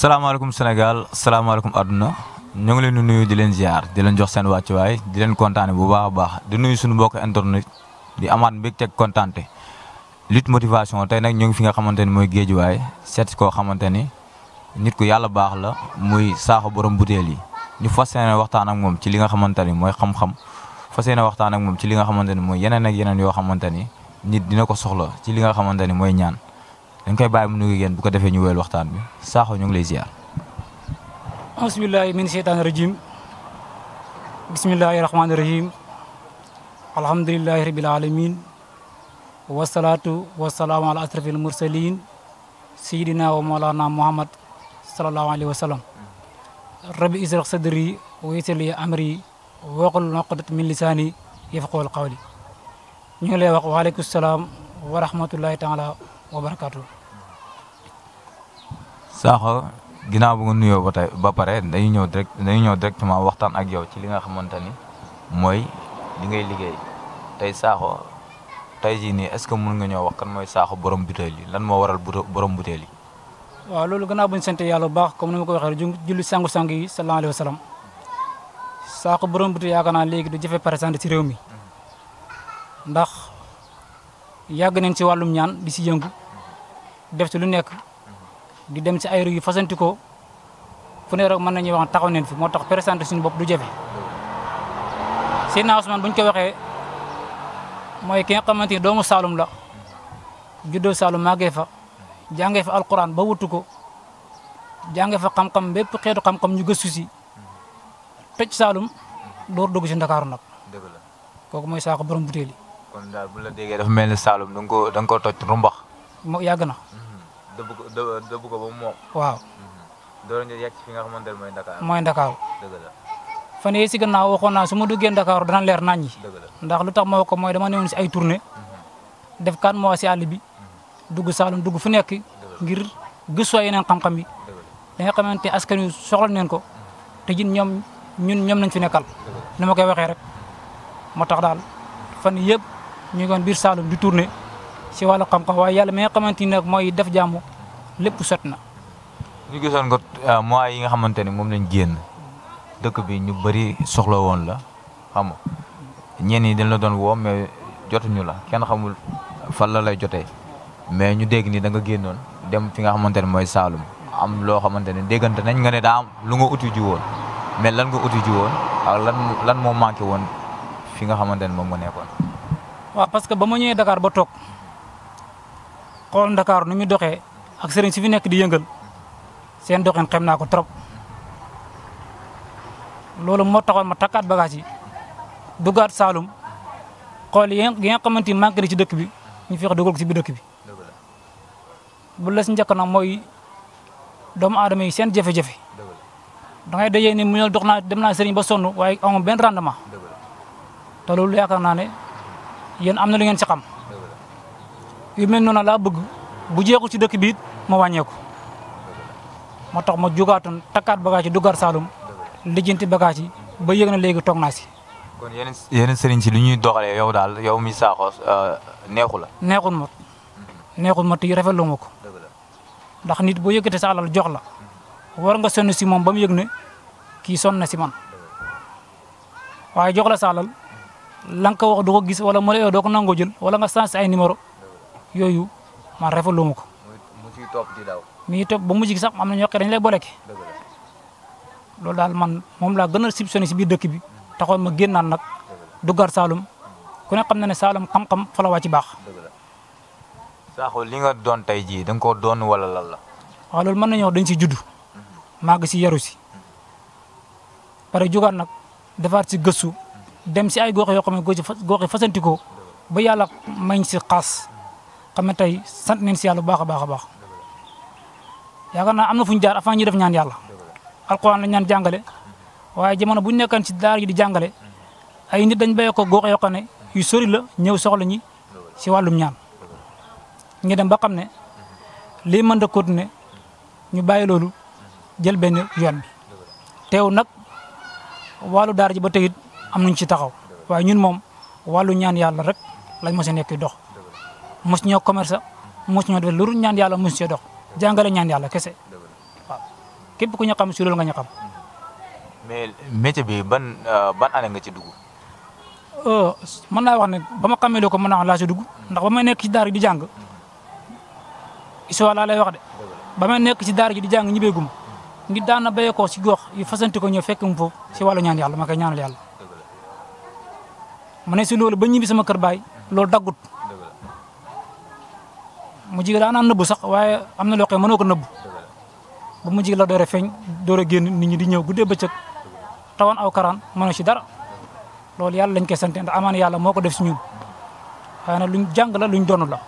salaamaaleykum Sénégal salaamaaleykum àdduna ñoo ngi leen di nuyu di leen ziar di leen jox seen wàccuwaay di leen kontaane bu baax baax di nuyu suñu mbokk internet di amaat mbégteeg kontaante lutte motivation tey nag ñu fi nga xamante ni mooy géejuwaay seet koo xamante ni nit ku yàlla baax la muy saaxu borom butéel yi ñu fas yéene waxtaan ak moom ci li nga xamante ni mooy xam-xam fas yéene waxtaan ak moom ci li nga xamante ni mooy yeneen ak yeneen yoo xamante ni nit dina ko soxla ci li nga xamante ni mooy ñaan dañ koy bàyyi mu nuyu yéen bu ko defee ñu waxtaan bi saaxu ñu ngi lay ziar. bismillahi min sheytaani rajim bismillahi rahmaani rahim alhamdulilahi rabil alamin wasalaatu wasalaamu ala asrafil mursalin sayidina wa mawlana muhammad salallahu alayhi wa sallam rabbi israh sadri wa yassir li amri waqul noqdat min lisaani yafqahul qawli ñu ngi lay wax waaleykum salaam wa rahmatullahi taala wa barakatuh Sakho ginnaaw bu nga nuyoo ba tey ba pare dañuy ñëw direct dañuy ñëw directement waxtaan ak yow ci li nga xamante ni mooy li ngay liggéey tey Sakho tey jii nii est-ce que mën nga ñoo wax kan mooy Sakho borom butéel yi lan moo waral borom butéel yi. waaw loolu gannaaw bu ñu sant yàlla bu baax comme ni ma ko waxee ju julli sangu sang yi sallallahu alayhi wa sallam Sakho borom butéel yaakaar naa léegi du jafe présenté ci réew mi ndax yàgg nañ si wàllum ñaan di si yëngu def ci lu nekk. di dem ci ay ru yu fasantikoo fu ne rek man nañu wax taxaw neen fi mo tax présenté suñu bop du jafe Seydina Ousmane buñ ko waxé moy ki nga doomu salum la juddoo salum màggee fa jàngee fa alquran ba wutuko ko fa xam-xam bépp xeetu xam-xam ñu gëssu ci tecc salum door dakar nak deug la koku moy saxu borom buteli kon daal bu la déggee dafa melni salum dang ko dang ko tocc rumbax dëbb ko dëbb wow, ba mu moom. waaw. door nga yegg fi nga xamante ne mooy Dakar. mooy Dakar. dëgg la. fan yii si gannaaw waxoon naa su ma duggee Dakar dana leer nañ ñi. dëgg la ndax lu tax ma dama newoon si ay tournée. Mm-hmm. def kan moo si àll bi. Mm-hmm. dugg Saalum dugg fu nekk. ngir gëstuwaay yeneen xam-xam yi. da nga xamante ne askan wi soxla neen ko. Mm-hmm. te jin ñoom ñun ñoom nañ fi nekkal. ni ma koy waxee rek. moo tax daal fan yëpp ñu ngi woon biir Saalum di tournée si xam-xam waaye yàlla mi nga xamante ni nag mooy def jàmm. lépp sot na. ñu gisoon ko euh, mois yi nga xamante ni moom lañ génn dëkk bi ñu bëri soxla woon la xam nga ñenn yi dañ la doon woo mais jotuñu la kenn xamul fan la lay jotee mais ñu dégg ni da nga génnoon dem fi nga xamante ne mooy Saalum am loo xamante ne déggante nañ nga ne daa lu nga uti ji woon mais lan nga uti ji woon lan lan moo manqué woon fi nga xamante ne moom nga nekkoon. waaw parce ba ma ñëwee ba toog xool Dakar nu muy doxee. ak serigne ci fi nek di yeungal seen doxen xemna ko trop lolu mo taxoon ma takkaat bagage yi duggaat Saalum xool yi nga xamanti manki ci dekk bi ñu fi wax ko ci bi dekk bi bu la njëkk nak moy doom aadama yi seen jafe-jafe da ngay dajé ni mu ñol doxna dem na serigne ba sonu waaye am ben rendement ta lolu yaakar na ne yeen amna lu ngeen ci xam yu mel noonu la bëgg bu jeexul ci dëkk biit ma ko mo tax mo jugaatoon takkaat bagage yi duggaat salum, lijjanti bagage yi ba yegna legi tok toog naa kon yeneen yeneen serigne ci luñuy doxale yow dal yow mi Sakho euh, neexu la. neexul ma neexul ma te rafa lu ko ndax nit bo yëkkatee sa alal jox la war nga sonu ci mom bam yegne ki ne kii na si man waaye jox la sa alal lang ko wax du ko gis wala mo la do ko nangoo jël wala nga sans ay numéro yoyu man rafa lu ko ciy topp di daw mi ngi topp ba mujj sax am na dañ lay boleke loolu daal man moom laa gën a sipsoni si biir dëkk bi taxoon ma génnaan nag duggaat Saalum ku ne xam na ne Saalum xam-xam fa la waa ci baax saaxo li nga doon tey jii da wala lan la dañ si judd mhm. màgg si yaru si pare jugaat nag defaat si gëstu dem si ay gox yoo xam gox yi fasantikoo ba yàlla mañ si xaas mhm. xam ne sant nañ si yàlla yakarna amna fuñ na afa ñu def ñaan yalla alquran la ñaan jangalé waye jëmono buñu ñu ci daar yi di jangalé ay nit dañ béyee ko gox yo xone ne yu sori la ñew soxla ñi si walum ñaan ñi dem ba xam ne lii mën da tuné ñu bayé lolu jël ben yoon bi teew nak walu daar ji ba teyit amnuñ ci taxaw waye ñun mom walu ñaan yalla rek lañ mësa nekk dox mos ñoo commerce mos ñoo def lu ñaan yalla mos dox jangale ñaan yalla kese kep ku ñakam xam nga ñakam mais métier bi ban euh, ban année nga ci dugg. Euh, man na wax ne bama xamé xamee ko mën naa wax laa dugg ndax Bama may nekk ci daara di jang histoire lay wax de bama nekk ci daara di jang na ko ci gox yu fasanti ko fekk mu foofu ci walu ñaan yalla ma kay ñaanal yalla mané ba ñibi sama kër bay dagut mu jigi daan neub sax waye am lo xey mëno ko neub bu mu jigi la door a feeñ nit ñi di ñew guddee beccëk tawan aw karan mëno ci dara lool yalla lañ koy sant ndax amaan yalla moko def ci ñun xana luñ la luñ donu la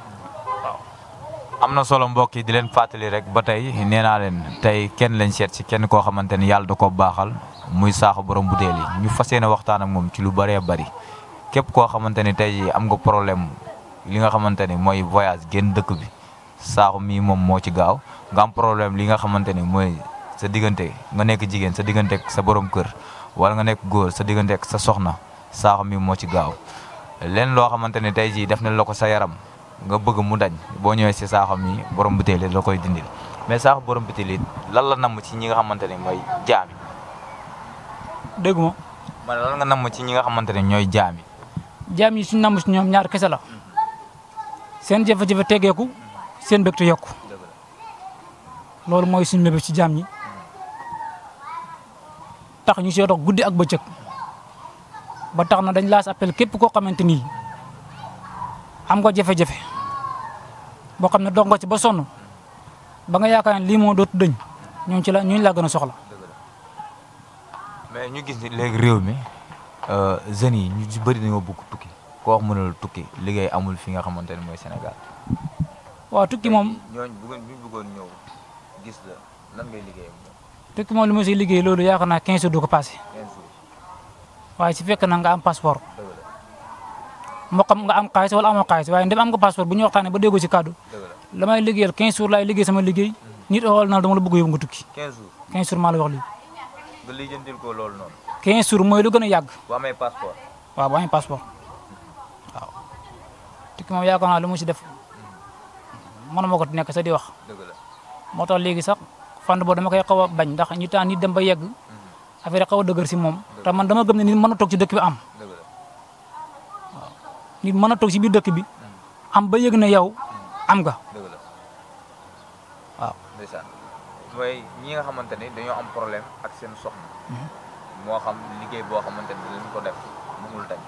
amna solo mbokk di len fatali rek ba tey nee tay kenn lañ seet si kenn ko xamante yalla da ko baxal muy saaxu borom butéel yi ñu fas waxtaan ak mom ci lu bari bari kep ko tay am nga problème li nga xamante ni mooy voyage génn dëkk bi saaxu mii moom moo ci gaaw nga am problème li nga xamante ni mooy sa diggante nga nekk jigéen sa diggante ak sa borom kër wala nga nekk góor sa diggante ak sa soxna saaxu mii moo ci gaaw leen loo xamante ni tey ji def na la ko sa yaram nga bëgg mu dañ boo ñëwee si saaxu mii borom butéel la koy dindil mais saaxu borom butéel it lan la namm ci ñi nga xamante ni mooy jaami. dégg ma. man ci ñi nga xamante ne ñooy jaami. jaam yi suñu ñoom ñaar kese la. seen jëf jëf teggeeku seen bëgg te yokku loolu mooy suñu mébét ci jaam ñi tax ñu siy dox guddi ak bëccëg ba tax na dañ laas appel képp koo xamante ni am nga jafe-jafe boo xam ne dox nga ci ba sonn ba nga yaakaar ne lii moo dootu dëñ ñooñu ci la ñooñu laa gën a soxla. mais ñu gis ni léegi réew mi euh, jeunes yi ñu bëri nañoo bëgg tukki ko wax mënul tukki liggéey amul fi nga xamante ne mooy Sénégal waaw tukki moom ñooñu bu ngeen bu bëggoon ñëw gis la lan ngay liggéey tukki moom lu ma si liggéey loolu yaakaar naa 15 jours du ko passé waaye si fekk na nga am passeport moo xam nga am xaalis wala amoo xaalis waaye ndem am nga passeport bu ñu waxtaanee ba déggoo si kàddu la may liggéeyal 15 jours laay liggéey sama liggéey hmm. nit xool na dama la bëgg yow nga tukki 15 jours 15 jours maa la wax lii nga lijjantil ko loolu noonu 15 jours mooy lu gën a yàgg bu amee passeport waaw bu amee passeport tikki mom yaakaar naa lu mu ci def man mako nek sa di wax. moo tax léegi sax fand bo dama koy xawa bañ ndax ñu tan ni dem ba yegg mhm. affaire xawa deugar ci mom ta man dama gëm ni nit mëna tok ci dëkk bi am. nit mëna tok ci bi dëkk bi mhm. am ba yegg na yow mhm. am nga. waaw. ndeysaan mooy ñi nga xamanteni ne dañoo am problème ak seen soxna. mo xam liggéey bo xamanteni dañ ko def mënul tey.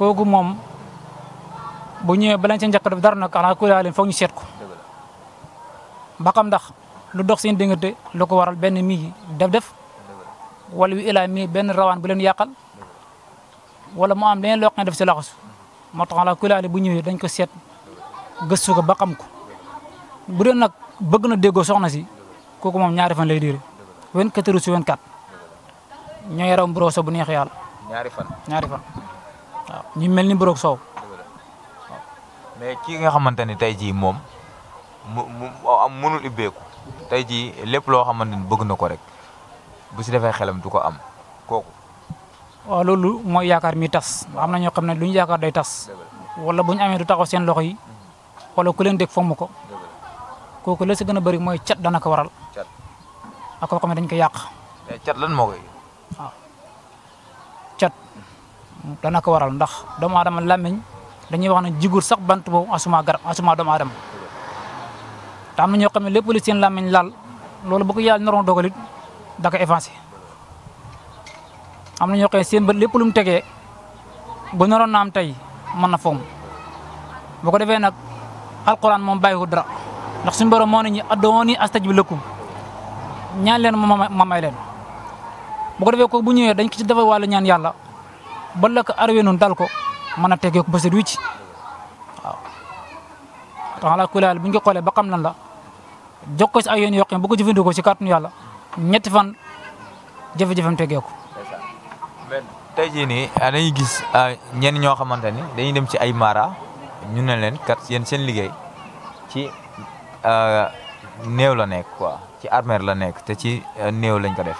kogu mom bu ñëwee balañ ca njëkk def dar nak ala kulli haalin foog ñu sétku ko ba xam ndax lu dox seen dëngëte lu ko waral ben mi def def wala wi ila mi ben rawan bu leen yaqal wala mo am leen lo xane def ci laxasu mo tax ala kulli haalin bu ñëw dañ ko sét gëssu ko ba xam ko bu de nak bëgg na déggo soxna ci koku mom ñaari fan lay diire 24 sur 24 ñoy raw mburoo so bu neex yàlla ñaari fan ñaari fan ñi melni mel mais ki nga xamanteni tay ji mom am mënul ibbeku tay ji lepp lo xamanteni bëgg nako rek bu ci défé xélam du am koku wa lolu moy yaakar mi tass amna ño xamne luñu yaakar day tass wala buñu amé du taxaw seen loxo yi wala ku leen dek fomu ko koku la ci gëna bari moy chat dana ko waral Chat. ak ko xamne dañ ko yaq chat lan mo koy chat dana ko waral ndax doomu adam lamiñ dañuy wax ne jigur sax bant boobu asuma garab asuma doomu aadama te am na ñoo xam ne lépp lu seen làmmiñ laal loolu bu ko yàlla naroon dogalit da ko effacé am na ñoo xam ne seen bët lépp lu mu tegee bu naroon na tey mën na fomm bu ko defee nag alquran moom bàyyiwu dara ndax suñu borom moo ne ñi addooni astajib lakum ñaan leen ma may leen bu ko defee ko bu ñëwee dañ ko ñaan yàlla ba la ko noonu dal ko mën a tegeeku ba set wicc waaw. tax la kulaal bu ñu ko xoolee ba xam lan la jox ko si ay yoon yoo xam bu ko jëfandikoo si kàttanu yàlla ñetti fan jafe-jafem tegeeku. tey jii nii ah, dañuy gis ah, ñenn ñoo xamante ni dañuy dem ci ay mara ñu ne leen kat yéen seen liggéey ci ah, néew la nekk quoi ci armeer la nekk te ci néew lañ ko def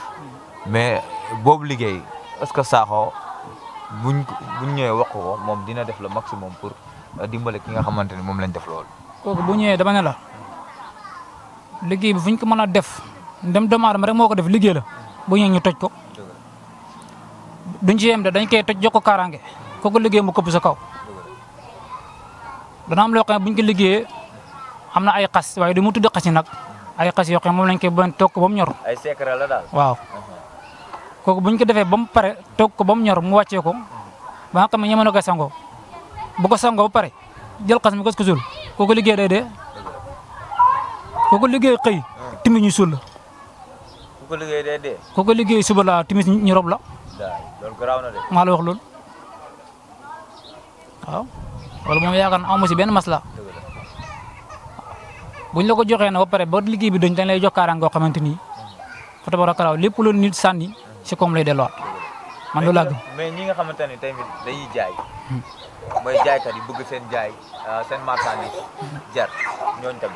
mais boobu liggéey parce que Sakho buñ buñ ñëwee wax ko moom dina def le maximum pour euh, dimbale ki nga xamante ni moom lañ def loolu. kooku bu ñëwee dama ne la liggéey bi fu ko mën a def ndem doomu aadama rek moo ko def liggéey la bu ñëwee ñu toj ko duñ ci yem de dañ koy toj jox ko kaaraange kooku liggéey mu këpp sa kaw. dana am loo xam ne buñ ko liggéey am na ay xas waaye du mu tudd xas yi nag ay xas yoo xam ne moom lañ koy bañ toog ba mu ñor. ay secret la waaw. kooku buñ ko defé bam paré pare ko bam ñor mu wàccee ko ba nga xam ñama ñemoon ko bu ko sango ba pare jël xasmi mi gas ko suul kooku liggéey dé dee kooku liggé xey timi ñu suul la liggé dé dé dee kooku liggéey suba la timi ñu rob la lool graw na dé ma la wax lool waaw wala moom yaakan amu si ben masla buñ la ko joxé na ba pare ba liggé bi dañ dañ lay jox kaaraan xamanteni xamante ni hmm. fa lu nit sanni ci koom lay delloo man loolu lag mais ñi nga xamanteni tay mi dañuy jaay moy jaay jaaykat yi bëgg seen jaay euh, seen marchandi jar tam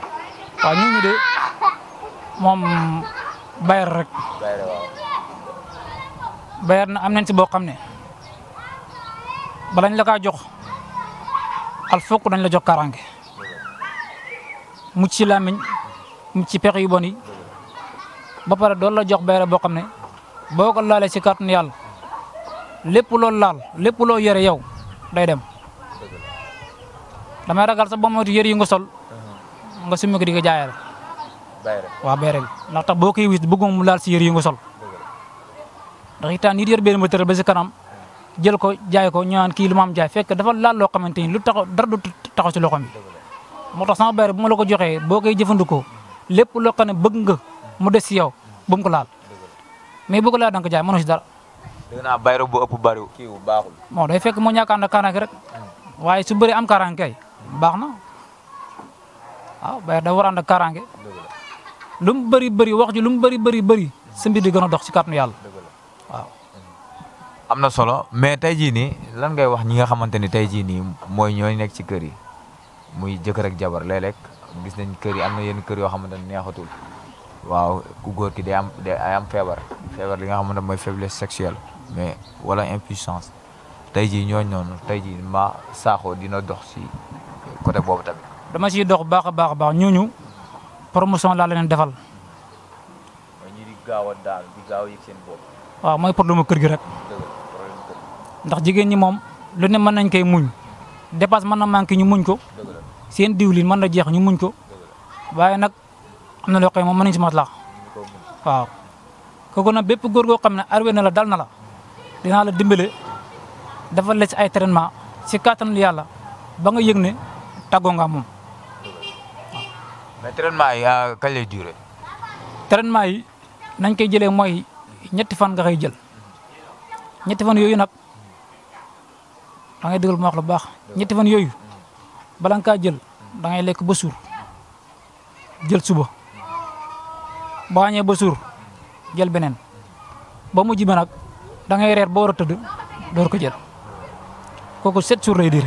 wa ñi ñi de mom bayar rek bayar wa bayar na am nañ ci bo xamne ne balañ la ka jox al fuk dañ la jox karange mucc ci làmmiñ mucc ci pexe yu boni ba para do la jox bayra bo xamne boko lalé ci carton yalla lepp lo lal lepp lo yéré yow day dem dama ragal sa ba yéré yëre yi nga sol nga summi ko diga jaayal wa bayre na ndax tax boo koy wis mu lal si yéré yi nga sol ndax itaan nit yër benn ma tëral ba ci kanam jël ko jaay ko ñaan ki lu maam jaay fekk dafa lal lo xamanteni lu tax dar du taxaw ci loxo mo tax sama bayre bu ma la ko joxee boo koy jëfandikoo lépp loo xam bëgg nga mu dess ci yow bu mu ko laal mais bëgg laa dank jaay mënu ci dara da na bay ro bu upp bari ki wu baxul mo day fekk mo ñaka da kanak rek hmm. waye su bari am karange baxna ah bay da war and ak karange lu bari bëri wax ju lu bari bari bari hmm. bëri sa di gëna dox ci kàttanu yalla waaw amna solo mais tay ji ni lan ngay wax ñi nga xamanteni tay ji ni moy ñoy nekk ci kër yi muy jëk rek jabar lelek, gis nañ kër yi amna yeen kër yo xamanteni neexatul waaw ku góor ki day am day am feebar feebar li nga xamante mooy faiblesse sexuelle mais wala impuissance tey jii ñooñu noonu tey jii ma saaxoo dina dox si côté boobu tamit. dama ciy dox baax a baax a baax ñooñu promotion laa leen defal. mooy ñi di gaaw a daal di gaaw a yëg seen bopp. waaw mooy problème kër gi rek. ndax jigéen ñi moom lu ne mën nañ koy muñ. dépasse mën na manqué ñu muñ ko. seen diwlin mën na jeex ñu muñ ko. waaye nag amna lo xey mo ne ci mënuñ si waaw kooku nag bepp gor go xam arwe na la dal na la dina la dimbele dafa la ci ay traitement si lu yalla ba nga yegne tago nga mom mais traitement yi ah, kale lay traitement yi nañ koy jëlé moy ñett fan nga xey jël ñett fan yoyu nak da ngay dëggal mo wax lu bax ñett fan yoyu balanka jël da ngay lek ba sur jël suba bañé ba sour jël benen ba mu ba nak da ngay rër ba war a tëdd ko jël koku sept sour lay dir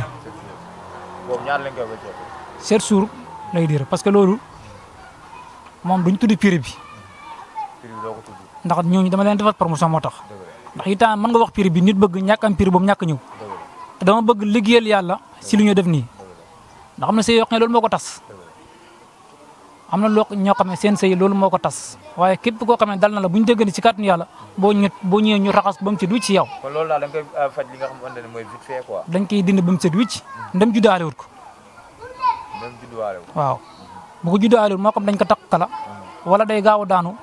ñaar lañ diire. sept sour lay dir parce que lolu mom duñ tuddi pire bi ndax ñoo ñu dama leen defat promotion motax tax ndax itam man nga wax pire bi nit bëgg ñak am pire bu ñak ñew dama bëgg liggéeyal yalla ci lu ñu def ni ndax amna sey si yokk ne loolu moo ko amna lo ñoo xam seen sey loolu moko tass waye waaye képp koo xam dal na la buñu ñu ci katnu yalla bo ñu bo ñëwee ñu raxas bam ci du ci yow. kon loolu la da nga koy euh, faj li nga xamante ne moy vite fait quoi. dañ koy dind bam ci du ci ndam ju juddaale wut ko. ndam ju juddaale wut waaw bu ko juddaale wut moo xam dañ ko takk kala wala day gaaw daanu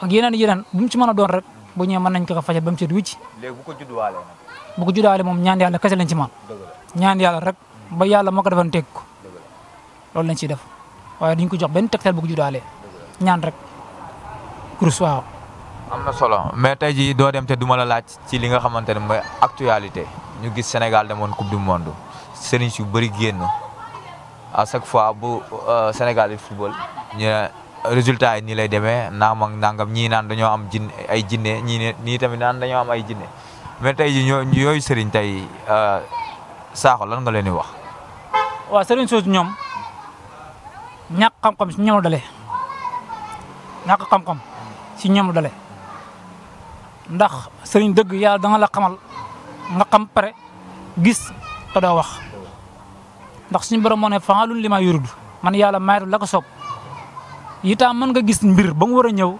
ak yeneen yeneen bu mu ci mëna doon rek bu ñe mën nañ ko faje bam ci du ci léegi bu ko ju nag. bu ko ju juddaale mom ñaan yalla kese lañ ci man ñaan yalla rek ba yalla moo ko tek ko loolu lañ ci def waaye dañ ko jox benn tegtal bu ko juddaale ñaan rek kurus waaw. am na solo mais tey jii doo dem te duma la laaj ci li nga xamante ne mooy actualité ñu gis Sénégal demoon coupe du monde sëriñ yu bëri génn à chaque fois bu euh, Sénégal di football ñu ne résultat yi ni lay demee naam ak nangam ñii naan dañoo am jin ay jinne ñii ne ñii tamit naan dañoo am ay jinne mais tey jii ñoo yooyu sëriñ tey euh, Sakho lan nga leen wax. sëriñ soosu ñoom ñak xam-xam si ñamu dale ñak xam-xam si ñamu dale ndax sëriñ dëgg da nga la xamal nga xam pare gis ta do wax ndax suñu borom mo né faalun lima yurud man yaala mayru la ko sop yita man nga gis mbir ba nga wara ñew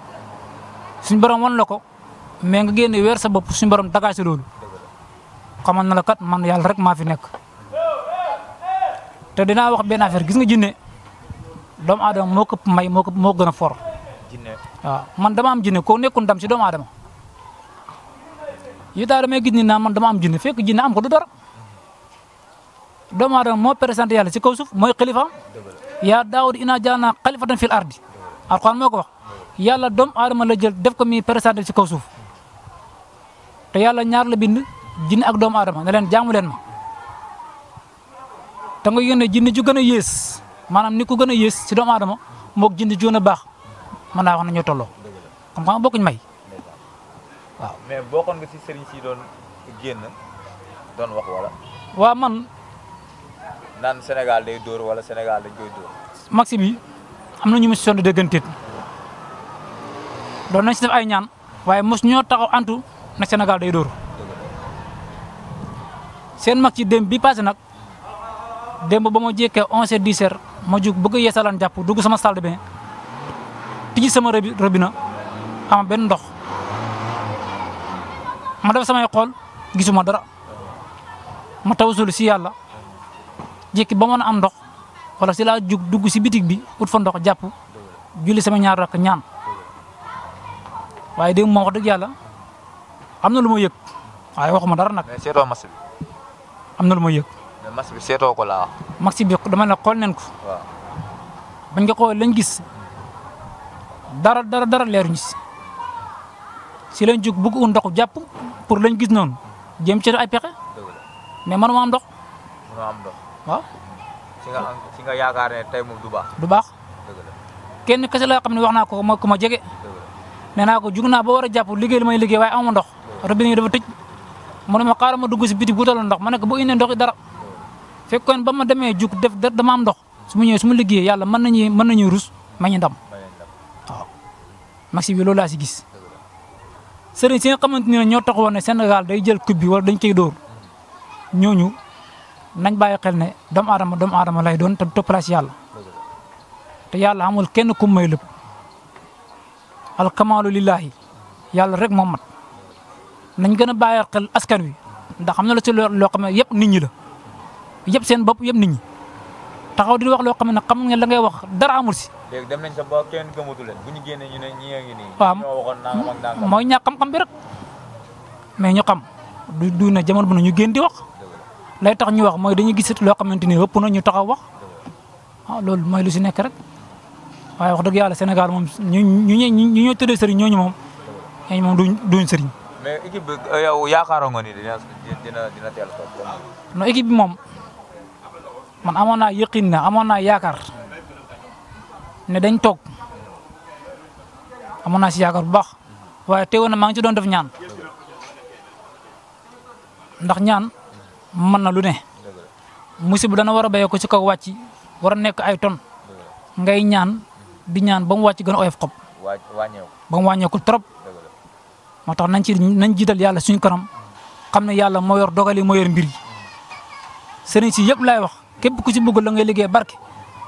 suñu borom wan lako ko nga genn wër sa bop suñu borom ci lool xamal na la kat man yaal rek ma fi nek te dina wax ben affaire gis nga jinné doomu aadama moo ko may moo ko moo gën a for. waaw man dama am jinne koo nekkul dam si doomu aadama yi daal damay gis ni naa man dama am jinne fekk jinne am ko du dara doomu aadama moo présenté yàlla si kaw suuf mooy xalifaam yaa daawud inaa jaalnaa xalifatan fil ardi ko wax yàlla doomu aadama la jël def ko mii présenté si kaw suuf te yàlla ñaar la bind jinne ak doomu aadama ne leen jaamu leen ma te nga yéene jinne ju gën a yées manam niko gëna yess ci doomu adama mok jindi joona bax man na wax na ñu tollo xam xam bokkuñ may waaw mais bokkon nga ci sëriñ ci doon genn doon wax wala wa man nan senegal day door wala senegal dañ koy door maxi bi am ñu mission de deugantit doon nañ ci def ay ñaan waye mëss ñoo taxaw antu na senegal day door sen mak ci dem bi passé nak dem ba mo jéké 11 h 10 h ma jug bëgg yeesalaan japp dugg sama salle de bain sama robinet am bendok, ndox ma def sama xol gisuma dara ma tawsul si yalla jekki ba mën am ndox wala si la jug dugg si bitik bi ut fa ndox japp julli sama ñaar rak ñaan waye dem mo wax deug yalla amna luma lu waye waxuma dara nak mas bi seetoo ko laa match bi dama ne xool nañ ko bañ nga xool lañ gis dara dara dara leeruñu si si lañ jóg bëgg ndox jàpp pour lañ gis noonu jëm ci ay pexe mais mënuma am ndox mënuma am ndox waaw si nga si nga yaakaar ne tey moom du baax du baax kenn kese la xam ne ko ma ko ba may liggéey ndox robinet dafa ne ma ma dugg biti ndox ko ndox dara fekkone ba ma juk jug def dama am ndox suma ñew suma su yalla man nañu man nañu rus ma ñu ndam maxi bi loolu laa si gis serigne ci nga xamante ne ñoo taxawoon ne day jël coupe bi wala dañ cey door ñoñu nañ baye xel ne dam adam dam adam lay doon te toppalaa place yalla te yalla amul kenn ku may al alkamaalu lillaahi yalla rek mo mat nañ gëna baye xel askan wi ndax xamna la ci lo xam ne nit ñi la yëpp sen bop yëpp nit ñi taxaw di wax lo xamne xam nga la ngay wax dara amul ci léegi dem nañ sa ba kenn gëmatu leen bu ñu génnee ñu ne ñi a ngi nii. waaw ñoo waxoon nangam ak nangam mooy ñàkk xam-xam bi rek mais ñu xam du du na jamon bu ñu gën di wax lay tax ñu wax moy dañu gis lo xamanteni ëpp na ñu taxaw wax ah lool moy lu ci nek rek waaye wax deug yalla senegal mom ñu ñu ñu ñu ñoo tëddee sëriñ ñu mom ñooñu moom duñ duñ sëriñ. mais équipe yow yaakaaro nga ni dina dina dina teel ko no équipe mom man yakin, yakin na amona yakar ne dañ tok amona si yakar bu baax waye teewona na ngi ci doon def ñaan ndax ñaan man na lu ne musibu dana wara a ci kaw wara nek ay ton ngay ñaan di ñaan ba mu gëna a oyof ba mu wañeku trop moo tax nañ ci nañ jital yalla suñu kanam xamne yalla mo yor dogali mo yor mbir yi ci si lay wax képp ku ci bëgg la ngay liggéey barke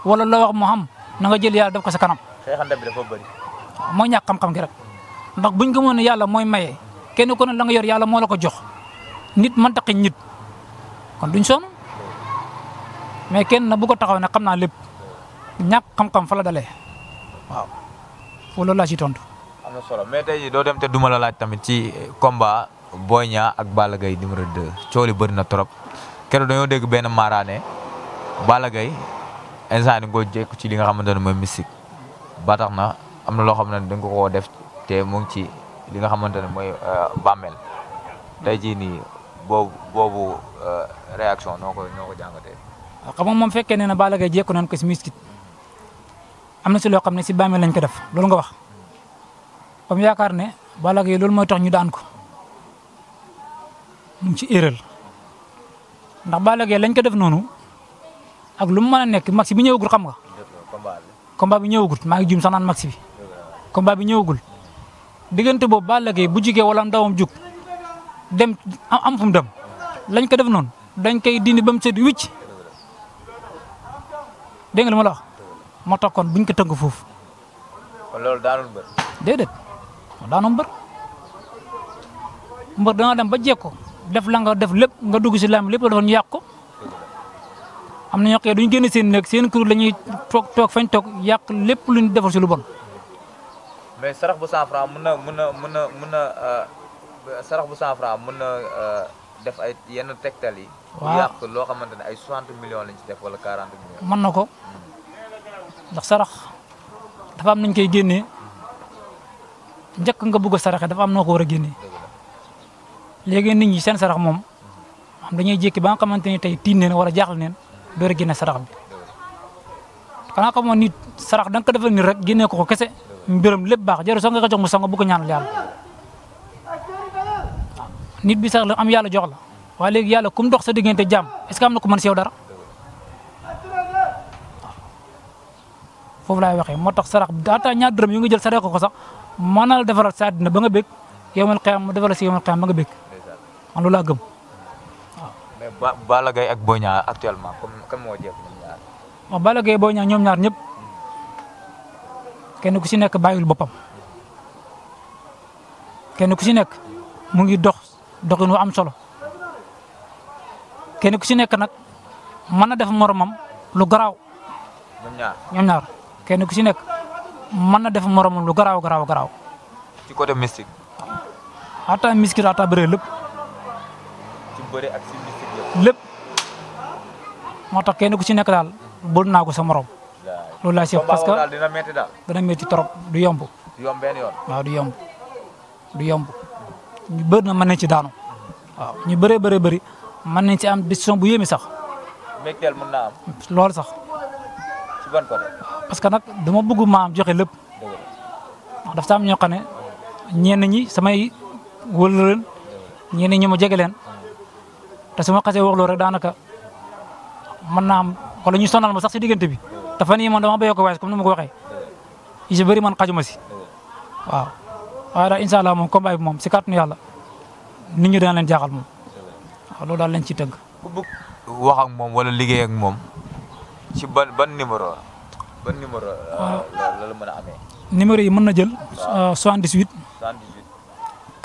wala loo wax mu xam na nga jël yàlla def ko sa kanam. xeexante bi dafa bëri. mooy ñàkk xam-xam gi rek ndax buñ gëmoon ne yàlla mooy maye kenn ku ne la nga yor yàlla moo la ko jox nit man taqi nit kon duñ sonn mais kenn na bu ko taxaw ne xam naa lépp ñàkk xam-xam fa la dalee waaw foofu laa ci tontu. am na solo mais tey doo dem te duma la laaj tamit ci combat Boy ak Balla Gaye numéro 2 coow li na trop dañoo dégg benn Balla Gaye instant nga ko jekku ci li nga xamante ne mooy mystique ba tax na am na loo xam ne dañ ko koo def te mu ci li nga xamante ne mooy euh, bàmmeel tey jii nii boobu boobu euh, réaction noo ko noo ko jàngatee. xam nga moom fekkee ne na Balla nañ ko si mystique am na si loo xam ne si bameel lañ ko def loolu nga wax comme yaakaar ne Balla Gaye loolu mooy tax ñu daan ko mu ci erreur ndax Balla Gaye lañ ko def noonu. ak lu mu nek a max bi ñëwagul xam nga. combat bi ñëwagul ma ngi jum sanan naan max bi. combat bi ñëwagul diggante boobu Balla Gaye bu jigé wala ndawum juk dem am fu dem lañ ko def non dañ koy dindi bam sét wicc dégg nga li la wax ma tokkon buñ ko tënk fofu kon loolu daanul mbër. déedéet mbër mbër dem ba jéko def la nga def lepp nga dugg ci lam lepp la doon yakko amna na ñoo xam duñ génn seen nek seen kuru lañuy tok tok fañ tok yàq lepp luñ defar ci lu bon. mais sarax bu 100 francs mëna mëna mëna mëna euh sarax bu 100 francs mëna euh def ay yenn tektal yi. waaw lo xamantene ay 60 millions lañ ci def wala 40 millions. mën nako ndax sarax dafa am nañ koy génnee njëkk nga bëgg sarax dafa am noko wara war légui nit ñi seen sarax mom am dañuy jéki ba nga xamante tay tey neen wala jaaxle neen door génne sarax bi ko mo nit sarax dang ko defal ni rek génne ko ko kese mbirum lepp bax jaru sax nga ko jox mu sanga bu ko ñaanal yalla nit bi sax la am yalla jox la wa leg yalla kum dox sa digeenté jam est ce am na ko man si yow dara foofu lay waxe moo tax sarax data ñaar dërëm yu nga jël sarax ko sax manal defal sa dina ba nga bekk yow qiyam defal sa defaral qiyam ba nga bekk man lu la gëm bala ak boña actuellement comme kan mo djé ñom ñaar wax bala boña ñom ñaar ñep kenn ku ci nek bayul bopam kenn ku ci nek mu ngi dox doxin wu am solo kenn ku ci nek nak mëna def moromam lu graw ñom ñaar ñom ñaar kenn ku ci nek mëna def moromam lu graw graw graw ci côté mystique ata mystique ata bëre lepp ci bëre ak ci lepp motax kene ku ci nek dal bëgg na ko sa morom. loolu la si parce que dina metti dal dina metti torop du yomb. du yomb benn yoon waaw du yomb du yomb ñu bëri na mën ci daanu. waaw ñu bëree bëri bëri man nañ ci am décision bu yéeme sax. mekkel mën na am. lool sax. ci ban ko parce que nak dama bëgg ma am joxe lepp ndax dafa am ñoo xane ñen ñi samay wëllu ñen ñi ma jégelen ta su xasse wax lo rek danaka man na am wala ñu sonal ma sax ci digënté bi ta fan yii man dama bayoko ko comme ni ma ko waxee yi si bëri man xajuma ci waaw. waaye daal incha allah combat bi ci si kàttanu yàlla nit ñu dañ leen jaxal moom lo dal leen ci teug bu wax ak mom wala liggéey ak mom ci ban ban numéro ban numéro. la la mëna amé numéro yi mëna jël. 78.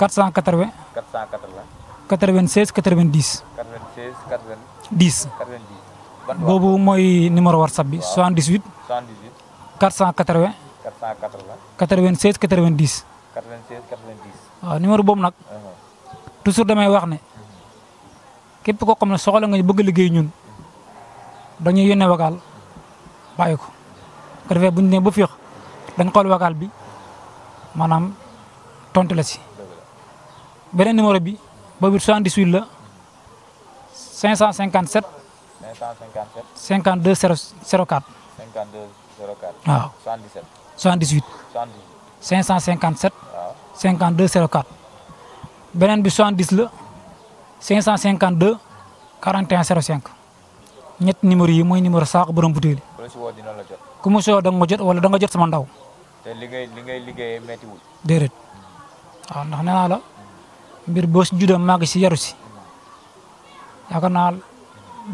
78. 480. 480. 96 90. 10 boobu mooy numéro whatsapp bi 78 480 96 90 waaw numéro boobu nag uh-huh. toujours damay wax ne uh-huh. képp koo xam ne soxla nga bëgg liggéey ñun dañuy yónnee wakaal bàyyi ko ko defee bu ñu nee ba bi manam tontu la si beneen numéro bi boobu 78 la 557 557 52 04 52 04 waaw 77 78 557 waaw 52 04 beneen bi 70 la 552 41 05 ñett numéro yi mooy numéro saako borom butéeli ku mu soo da nga ma jot wala da nga jot sama ndaw te li ngay li ngay liggéeyee méttiwul déedéet waaw ndax nee la mbir boo si juddoo màgg si yaru yaakaar naa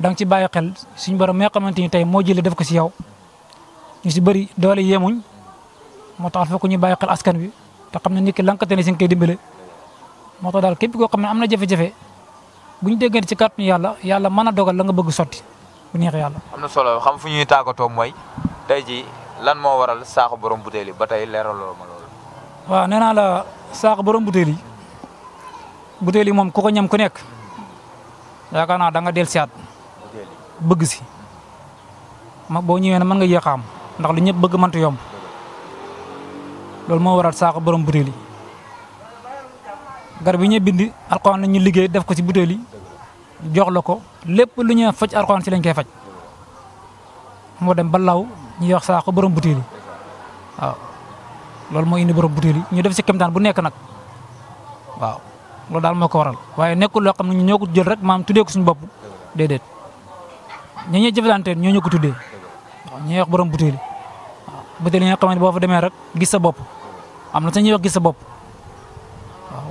da nga ci bàyyi xel suñu borom mi nga xamante ni tey moo jëlee def ko si yow ñu si bëri doole yemuñ moo tax fokk ñu bàyyi xel askan wi te xam ne nit ki lankate ne si koy dimbale moo tax daal képp koo xam ne am na jafe-jafe bu ñu déggante ci kàttanu yàlla yàlla mën a dogal la nga bëgg sotti bu neex yàlla. am na solo xam fu ñuy tàggatoo mooy tey ji lan moo waral saako borom butéel yi ba tey leeraloo ma loolu. waaw nee naa la saako borom butéel yi butéel yi moom ku ko ñam ku nekk yaakaar naa da nga del siyaat bëgg si ma boo ñëwee ne mën nga yéex ndax li ñëpp bëgg mënta yomb loolu moo waral saako borom butéel yi garab yi ñu bind alxuraan la ñu liggéey def ko ci butéel yi jox la ko lépp lu ñu faj alxuraan ci lañ koy faj moo dem ba law ñu wax saako borom butéel yi waaw loolu moo indi borom butéel yi ñu def ci kemtaan bu nekk nag waaw lo dal moo ko waral waaye nekkul loo xam ne ñoo ko jël rek maam tuddee ko suñu bop dedet ñi ñi jëflanteel ñoo ñoko ko ñi wax borom buteli buteli butéeli nga xamante boo fa démé rek gis sa bop amna na sa ñuy wax gis sa bop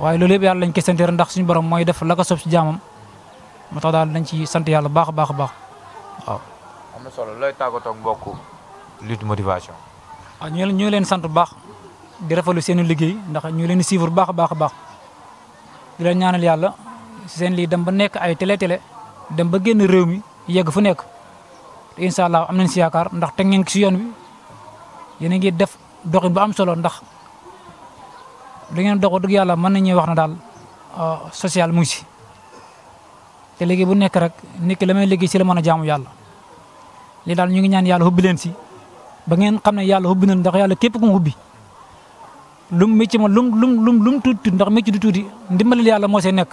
waye waaye loolu yalla yàlla lañ koy ndax suñu borom moy def la ko sopp ci jaamam mo tax dal dañ ci sant yalla baax a baax a baax waaw. solo loy tàggatoo ak mbokk lutte motivation. waaw ñu leen sant bu baax di rafetlu seen liggéey ndax ñu leen di suivre baax a baax baax di la ñaanal yàlla seen lii dem ba nekk tele tele, télé dem ba génn réew mi yegg fu nekk te allah am nañ si yaakaar ndax teg ngeen si yoon bi yéen a ngi def doxin bu am solo ndax da ngeen doxoo dëgg yàlla mën nañuy wax na daal euh, social mu si te léegi bu nekk rek nit ki la may liggéey si la mën a jaamu yàlla lii daal ñu ngi ñaan yàlla hubbi leen si ba ngeen xam ne yàlla hubbi ndax yàlla képp ku mu lum mi ci ma lum lum lum lum tuuti ndax mi ci du tuuti ndimbalal mo se nek nekk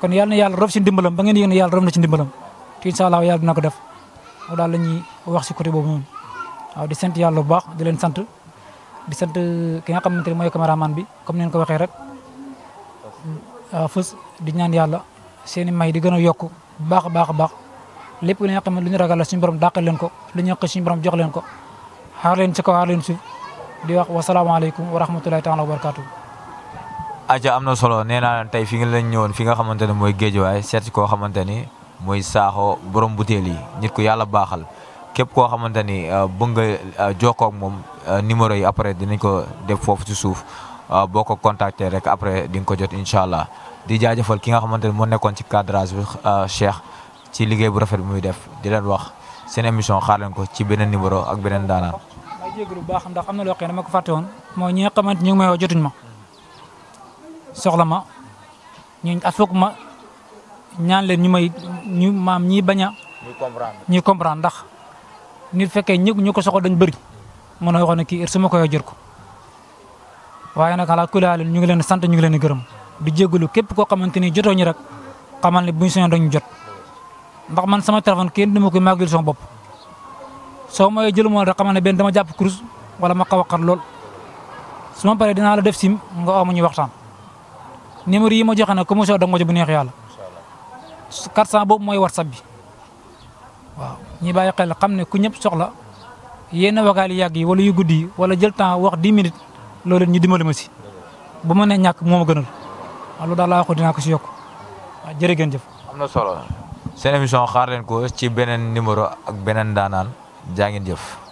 kon yalla na yalla rof ci dimbalam ba ngeen yëg yalla rof na ci dimbalam ci inshallah yalla yàlla dina ko def aw dal la wax ci côté bobu noonu aw di sante yalla bu baax di len sante di sante euh, ki nga xamanteni moy cameraman bi comme neen ko waxe rek fës di ñaan yalla seeni may di gëna yokku baax baax baax lepp li nga xamanteni ne lu ñu ragal suñu borom dàqal len ko lu ñu yàq suñu borom jox len ko xaar len ci ko xaar len suuf di wax wasalaamaaleykum wa rahmatulahi taala wa barakaatu. aja am na solo nee naa tey fi nga leen ñëwoon fi nga xamante ne mooy géejuwaay seet koo xamante ni mooy saaxo borom butéel yi nit ku yàlla baaxal képp koo xamante ni euh, bëgg nga euh, jokkoo ak moom euh, numéro yi après dinañ ko def foofu ci suuf boo ko contacter rek après di nga ko jot incha allah di jaajëfal ki nga xamante ni moo nekkoon ci cadrage bi Cheikh ci liggéey bu rafet muy def di leen wax seen émission xaar leen ko ci beneen numéro ak beneen daanaan. jéglu bu baax ndax am na loo xam ne dama ko fàtte woon mooy ñi nga ñu may jotuñ ma soxla ma ñu at ma ñaan leen ñu may ñu maam ñi bañ a ñuy comprendre ndax nit fekkee ñu ñu ko soxla dañ bëri mën a waxoon ne kii heure su ma koy jër ko waaye nag ala kulli haal ñu ngi leen sant ñu ngi leen gërëm di jégalu képp rek xamal jot ndax man sama téléphone kenn du koy soo mooy jël woon rek xamal ne benn dama japp kurus wala ma ko lol suma pare dina la def sim nga amu ñu waxtan numéro yi ma joxana ko mo so soo danga bu neex yàlla 400 bob moy whatsapp bi waaw ñi baye xel xamne ku ñep soxla yenn wagal yi yi wala yu guddii wala jël temps wax 10 minutes loolu ñu dimbalima ci bu ma ne ñak moma gënal waaw loolu la laa dina ko ci yok waaw jërë ngeen jëf. amna solo seen émission xaar leen ko ci benen numéro ak benen daanaan. jaa ngeen jëf